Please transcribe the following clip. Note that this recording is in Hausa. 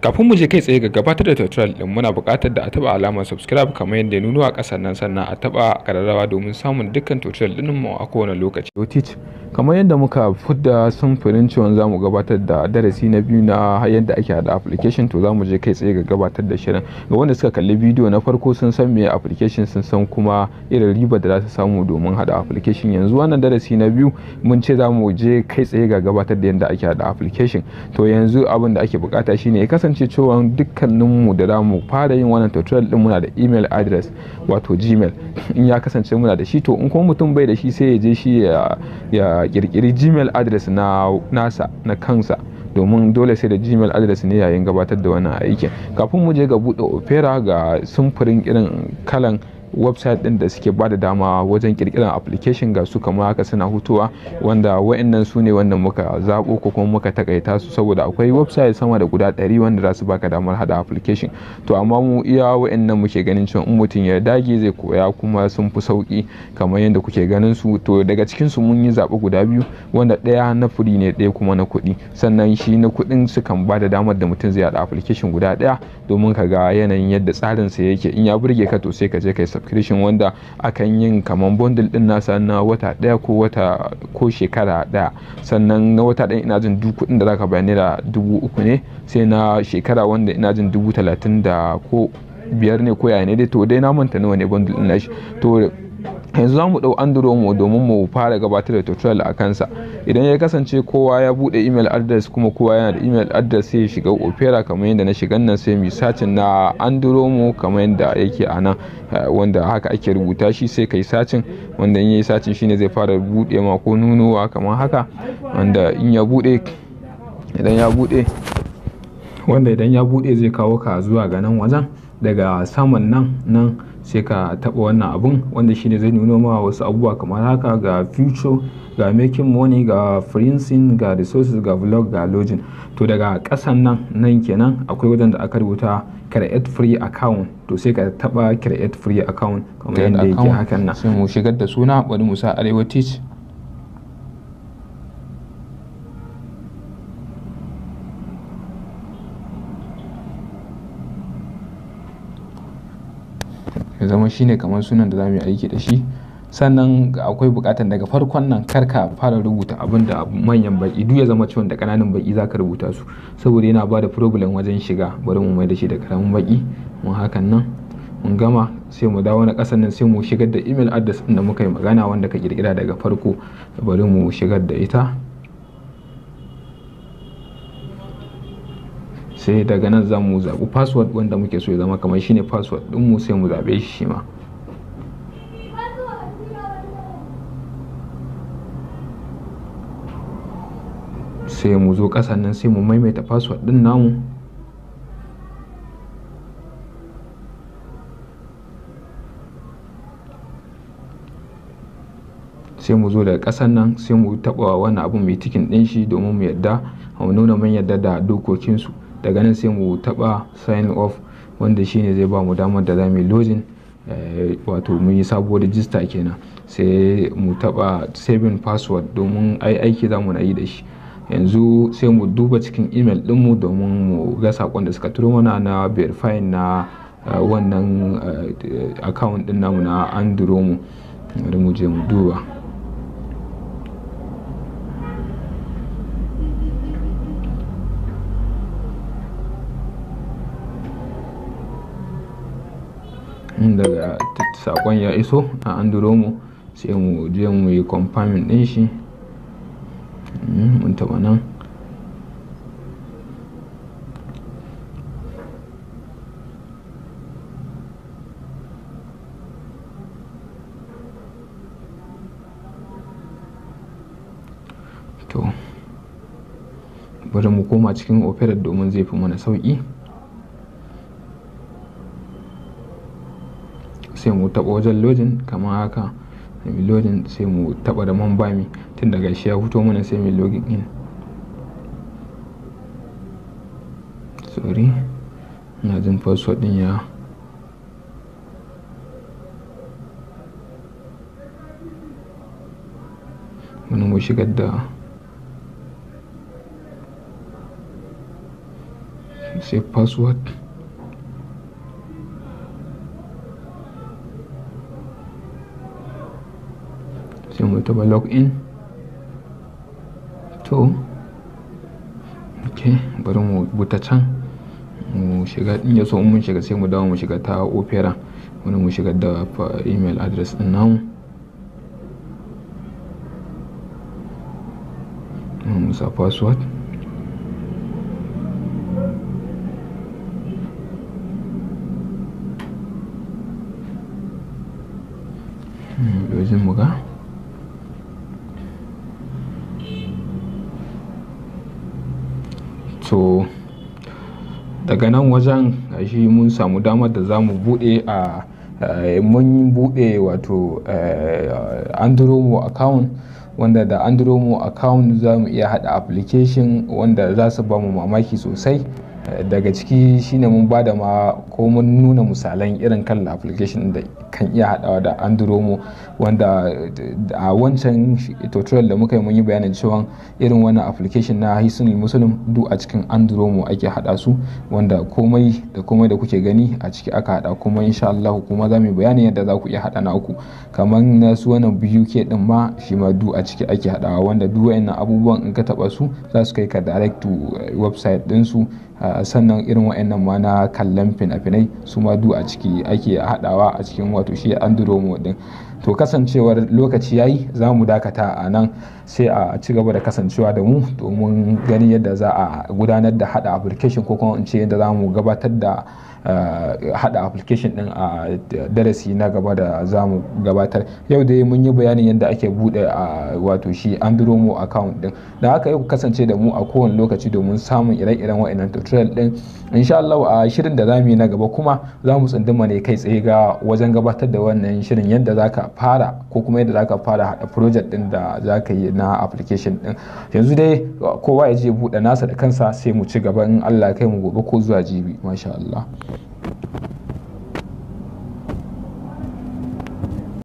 kafin mu je kai tsaye ga gabatar da tutorial din muna buƙatar da a taba alamar subscribe kamar yadda ya nuno a ƙasar nan sannan a taba ƙararrawa domin samun dukkan tutorial din mu a kowane lokaci teach kamar yadda muka fudda sunfurin ciwon zamu gabatar da darasi na biyu na yadda ake hada application to zamu je kai tsaye ga gabatar da shirin ga wanda suka kalli bidiyo na farko sun san me application sun san kuma irin riba da za su samu domin hada application yanzu wannan darasi na biyu mun ce zamu je kai tsaye ga gabatar da yadda ake hada application to yanzu abin da ake bukata shine ya kasance kasance cewa dukkaninmu da damu fara yin wannan tutorial din muna da email address wato gmail in ya kasance muna da shi to in kuma mutum bai da shi sai ya je shi ya kirkiri gmail address na nasa na kansa domin dole sai da gmail adres ne yayin gabatar da wannan aikin kafin mu je ga bude opera ga sumfurin irin kalan website din da suke bada dama wajen kirkiran application ga su kamar haka suna hutuwa wanda wa'annan su ne wanda muka zabo ko kuma muka takaita su saboda akwai website sama da guda 100 wanda za su baka damar hada application to amma mu iya wa'annan muke ganin cewa in mutum ya dage zai koya kuma sun fi sauki kamar yadda kuke ganin su to daga cikin su mun yi zaɓi guda biyu wanda daya na furi ne daya kuma na kuɗi sannan shi na kuɗin su ba da damar da mutum zai hada application guda ɗaya domin ka ga yanayin yadda tsarin sa yake in ya burge ka to sai ka je kai subscription wanda akan yin kamar bundle din nasa na wata daya ko wata ko shekara daya sannan na wata daya ina jin duk kudin da zaka bayar naira dubu uku ne sai na shekara wanda ina jin dubu talatin da ko biyar ne ko yaya ne dai to dai na manta nawa ne bundle din nashi to yanzu za mu ɗau andromo domin mu fara gabatar da tutorial a kansa idan ya kasance kowa ya buɗe email address kuma kowa yana da email address sai ya shiga opera kamar yadda na shigan nan sai mu sacin na andromo kamar yadda yake a nan eh, wanda haka ake rubuta shi sai kai sacin wanda in yayi sacin shine zai fara buɗe ma ko nunuwa kamar haka wanda in ya buɗe idan ya buɗe wanda idan ya buɗe zai kawo ka zuwa ga nan wajen daga saman nan nan sai ka taɓa wannan abun wanda shine zai nuno ma wasu abubuwa kamar haka ga future ga making money ga freelancing ga resources ga vlog ga login to daga kasan nan nan kenan akwai wajen da aka rubuta create free account to sai ka taba create free account kamar yadda yake hakan nan sai mu shigar da suna bari musa arewa teach ya zama shine kamar sunan da za mu yi aiki da shi sannan akwai bukatar daga farkon nan kar ka fara rubuta abin da manyan baki duk ya zama cewa da kananan baki zaka rubuta su saboda yana ba da problem wajen shiga bari mu mai da shi da karamin baki mun hakan nan mun gama sai mu dawo na kasan nan sai mu shigar da email address da muka yi magana wanda ka kirkira daga farko bari mu shigar da ita sai daga nan za mu zaɓi password wanda muke so ya zama kamar shine password mu sai mu zaɓe shi ma sai mu zo ƙasan nan sai mu maimaita password ɗin namu sai mu zo daga ƙasan nan sai mu taɓa wani abu mai tikin ɗin shi domin mu yadda a nuna mun yadda da dokokinsu daga nan sai mu taɓa sign off wanda shine zai ba mu damar da za mu yi login eh, wato mu yi sabuwar register kenan sai mu taba saving password domin ai aiki za mu na yi da shi yanzu sai mu duba cikin email dinmu domin mu ga sakon da suka turo mana na verifying na eh, wannan eh, account din namu na andromo bari mu je mu duba daga sakon ya iso a an mu sai mu je mu yi confirming din shi hmm, mun taba nan to bari mu koma cikin opera domin zai fi mana sauƙi sai mu taɓa wajen lodin kamar haka mai lodin sai mu taɓa da man bami tun daga shi ya fito mana sai mai login in sorry na jin password din ya wani mu shigar da sai password to taba login to ok bari mu buta can mu shiga in yaso so mun shiga sai mu dawo mu shiga ta opera wani mu shiga da email address din namu mu sa password hmm, mu ga so daga nan wajen shi mun samu damar da za mu buɗe a eh, mun buɗe wato eh, andromo account wanda da andromo account za mu iya haɗa application wanda za su ba mu mamaki sosai daga ciki shine mun ba da ma ko mun nuna misalan irin kan application da kan iya hadawa da andromo wanda a wancan tutorial da muka yi mun yi bayanin cewa irin wannan application na hisunul muslim duk a cikin andromo ake hada su wanda komai da komai da kuke gani a ciki aka hada kuma insha Allah kuma za mu bayanin yadda za ku iya hada na uku kamar na su wannan BUK din ma shi ma duk a ciki ake hadawa wanda duk wayannan abubuwan in ka taba su za su kai ka direct to eh, website din su ah, sannan irin wa'annan ma na kallon fina-finai su ma du a ciki ake haɗawa a cikin wato shi andromo din to kasancewar lokaci yayi za mu dakata a nan sai a ci gaba da kasancewa da mu domin ganin yadda za a gudanar da hada application ko kuma in ce yadda za mu gabatar da eh, hada application din a darasi na gaba da za mu gabatar yau dai mun yi bayanin yadda ake bude a wato shi andromo account din da haka yau kasance da mu a kowane lokaci domin samun ire-iren wa'annan tutorial din insha Allah a shirin da za mu yi na gaba kuma za mu tsunduma ne kai tsaye ga wajen gabatar da wannan shirin yadda za ka. ka fara ko kuma yadda za fara hada project din da zaka yi na application din yanzu dai kowa ya je buɗe nasa da kansa sai mu ci gaba in allah ya kai mu gobe ko zuwa jibi masha allah